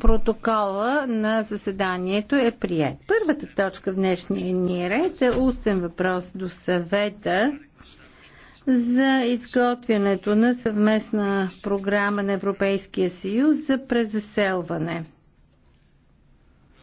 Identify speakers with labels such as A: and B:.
A: протокола на заседанието е прият. Първата точка в днешния ни ред е устен въпрос до съвета за изготвянето на съвместна програма на Европейския съюз за презаселване.